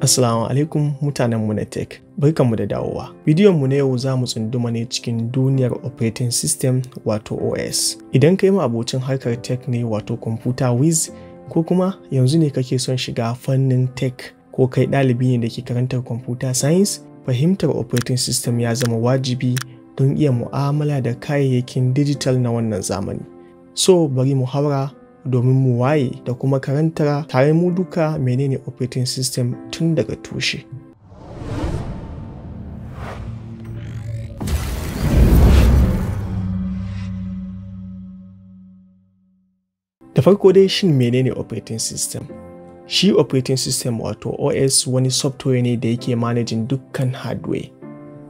Assalamu alaikum mutanenmu na tech, barkanmu da dawowa. bidiyon mu na yau za mu tsunduma ne cikin duniyar operating system wato OS. Idan kai abocin harkar tech ne wato computer whiz ko kuma yanzu ne kake son shiga fannin tech ko kai ɗalibi ne da ke karantar computer science, fahimtar operating system ya zama wajibi don iya mu'amala da kayayyakin digital na wannan zamani. So bari mu haura domin mu waye da kuma karantar tare mu duka menene operating system tun daga tushe. Da farko dai shin menene operating system? Shi operating system wato OS wani software ne da yake manajin dukkan hardware,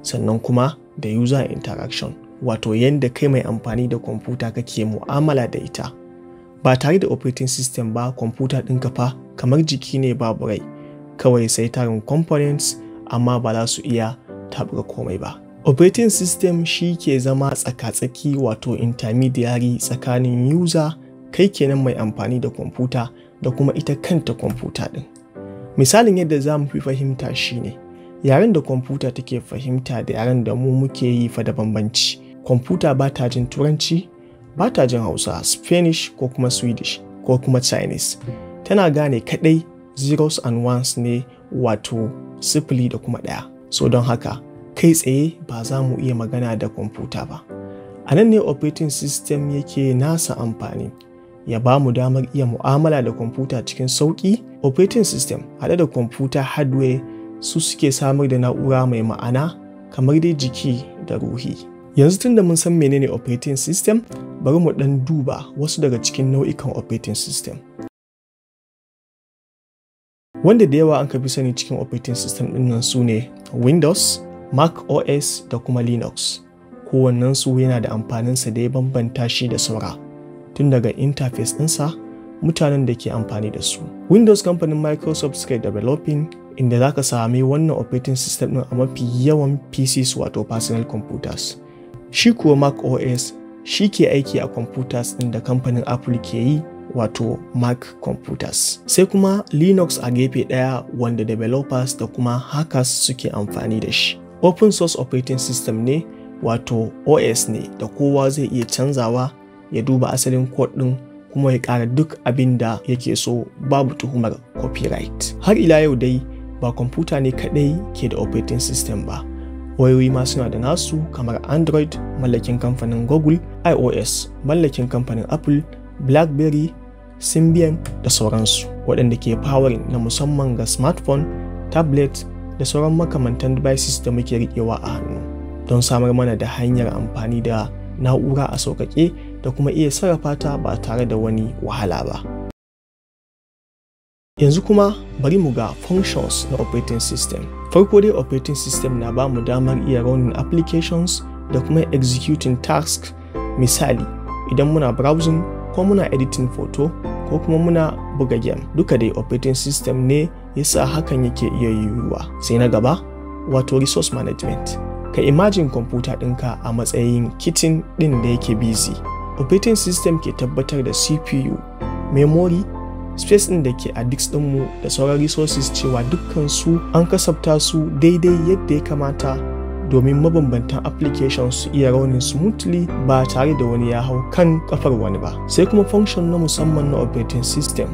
sannan kuma da user interaction, wato yadda kai mai amfani da kwamfuta kake mu'amala da ita. ba tare da operating system ba kwamfuta ɗinka fa kamar jiki ne babu rai kawai sai tarin components amma ba za su iya taɓuka komai ba operating system shi ke zama tsaka-tsaki wato intermediary tsakanin user kai kenan mai amfani da kwamfuta da kuma ita kanta kwamfuta ɗin misalin yadda za mu fi fahimta shine yaren da kwamfuta take fahimta da yaren da mu muke yi fa da bambanci kwamfuta ba ta jin turanci ba ta jin hausa spanish ko kuma swedish ko kuma chinese tana gane kadai zeros and ones ne wato sifili da kuma ɗaya so don haka kai tsaye ba za mu iya magana da kwamfuta ba a nan ne operating system yake nasa amfani ya ba mu damar iya mu'amala da kwamfuta cikin sauƙi operating system haɗe da kwamfuta hardware su suke samar da na'ura mai ma'ana kamar dai jiki da ruhi Yanzu tun da mun san menene operating system, bari mu ɗan duba wasu daga cikin nau'ikan operating system. Wanda da yawa an ka fi sani cikin operating system ɗin nan su ne Windows, Mac OS da kuma Linux. Kowannensu yana da amfaninsa da ya bambanta shi da saura, tun daga interface ɗinsa mutanen da ke amfani da su. Windows kamfanin Microsoft suka developing inda za ka sami wannan operating system ɗin a mafi yawan PCs wato personal computers. Shi kuwa Mac OS shi ke aiki a computers ɗin da kamfanin Apple ke yi wato Mac Computers. Sai kuma Linux a gefe ɗaya wanda developers da kuma hackers suke amfani da shi. Open source operating system ne wato OS ne da kowa zai iya canzawa ya duba asalin code ɗin kuma ya kara duk abin da yake so babu tuhumar copyright. Har ila yau dai ba kwamfuta ne kadai ke da operating system ba. wayoyi ma suna da nasu kamar android mallakin kamfanin google ios mallakin kamfanin apple blackberry symbian da sauransu waɗanda ke powering na musamman ga smartphone tablet da sauran makamantan devices da muke riƙewa a hannu don samar mana da hanyar amfani da na'ura a sauƙaƙe da kuma iya sarrafa ta ba tare da wani wahala ba yanzu kuma bari mu ga functions na operating system farko dai operating system na bamu damar iya raunin applications da kuma executing tasks misali idan muna browsing ko muna editing photo ko kuma muna buga game duka dai operating system ne yasa hakan yake iya yiwuwa sai na gaba wato resource management ka imagine kwamfuta ɗinka a matsayin kitin ɗin da yake busy operating system ke tabbatar da cpu memory space ɗin da ke a disk ɗinmu da sauran resources cewa dukkan su an kasafta su daidai yadda ya kamata domin mabambantan applications su iya raunin smoothly ba tare da wani ya hau kan kafar wani ba sai kuma function na musamman na operating system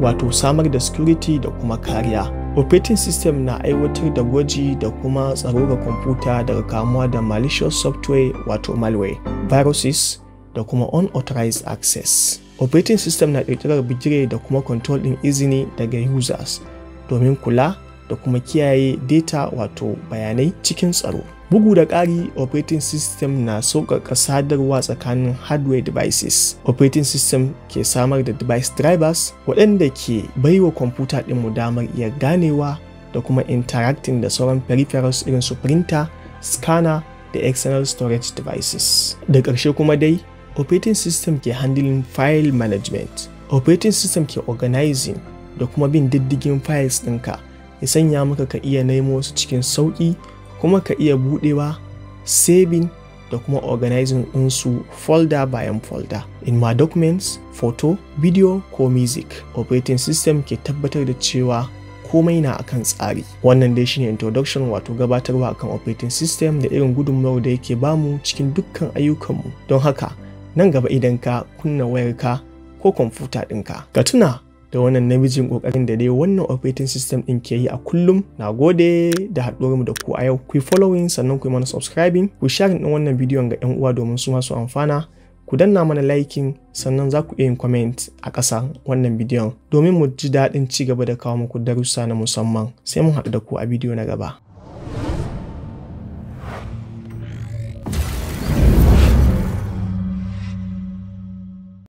wato samar da security da kuma kariya operating system na aiwatar da gwaji da kuma tsaro ga kwamfuta daga kamuwa da malicious software wato malware viruses da kuma unauthorized access operating system na ƙirƙirar bijire da kuma control ɗin izini daga users domin kula da kuma kiyaye data wato bayanai cikin tsaro. Bugu da ƙari, operating system na sauƙaƙa sadarwa tsakanin hardware devices. Operating system ke samar da device drivers waɗanda ke baiwa kwamfuta ɗinmu damar iya ganewa da kuma interacting da sauran peripherals irin su printer, scanner da external storage devices. Da ƙarshe kuma dai, operating system ke handling file management operating system ke organizing da kuma bin diddigin files ɗinka ya sanya maka ka iya nemo su cikin sauƙi kuma ka iya buɗewa saving da kuma organizing ɗinsu folder bayan folder in my documents photo video ko music operating system ke tabbatar da cewa komai na akan tsari wannan dai shine introduction wato gabatarwa akan operating system da irin gudunmawar da yake bamu cikin dukkan ayyukanmu don haka nan gaba idan ka kunna wayarka ko kwamfuta ɗinka. Ka tuna da wannan namijin ƙoƙarin da dai wannan operating system ɗin ke yi a kullum. Na gode da haɗuwar mu da ku a yau. Ku following sannan ku mana subscribing, ku share ɗin wannan bidiyon ga 'yan uwa domin su masu amfana. Ku danna mana liking sannan za ku iya yin comment a ƙasa wannan bidiyon domin mu ji daɗin ci gaba da kawo muku darussa na musamman. Sai mun haɗu da ku a bidiyo na gaba.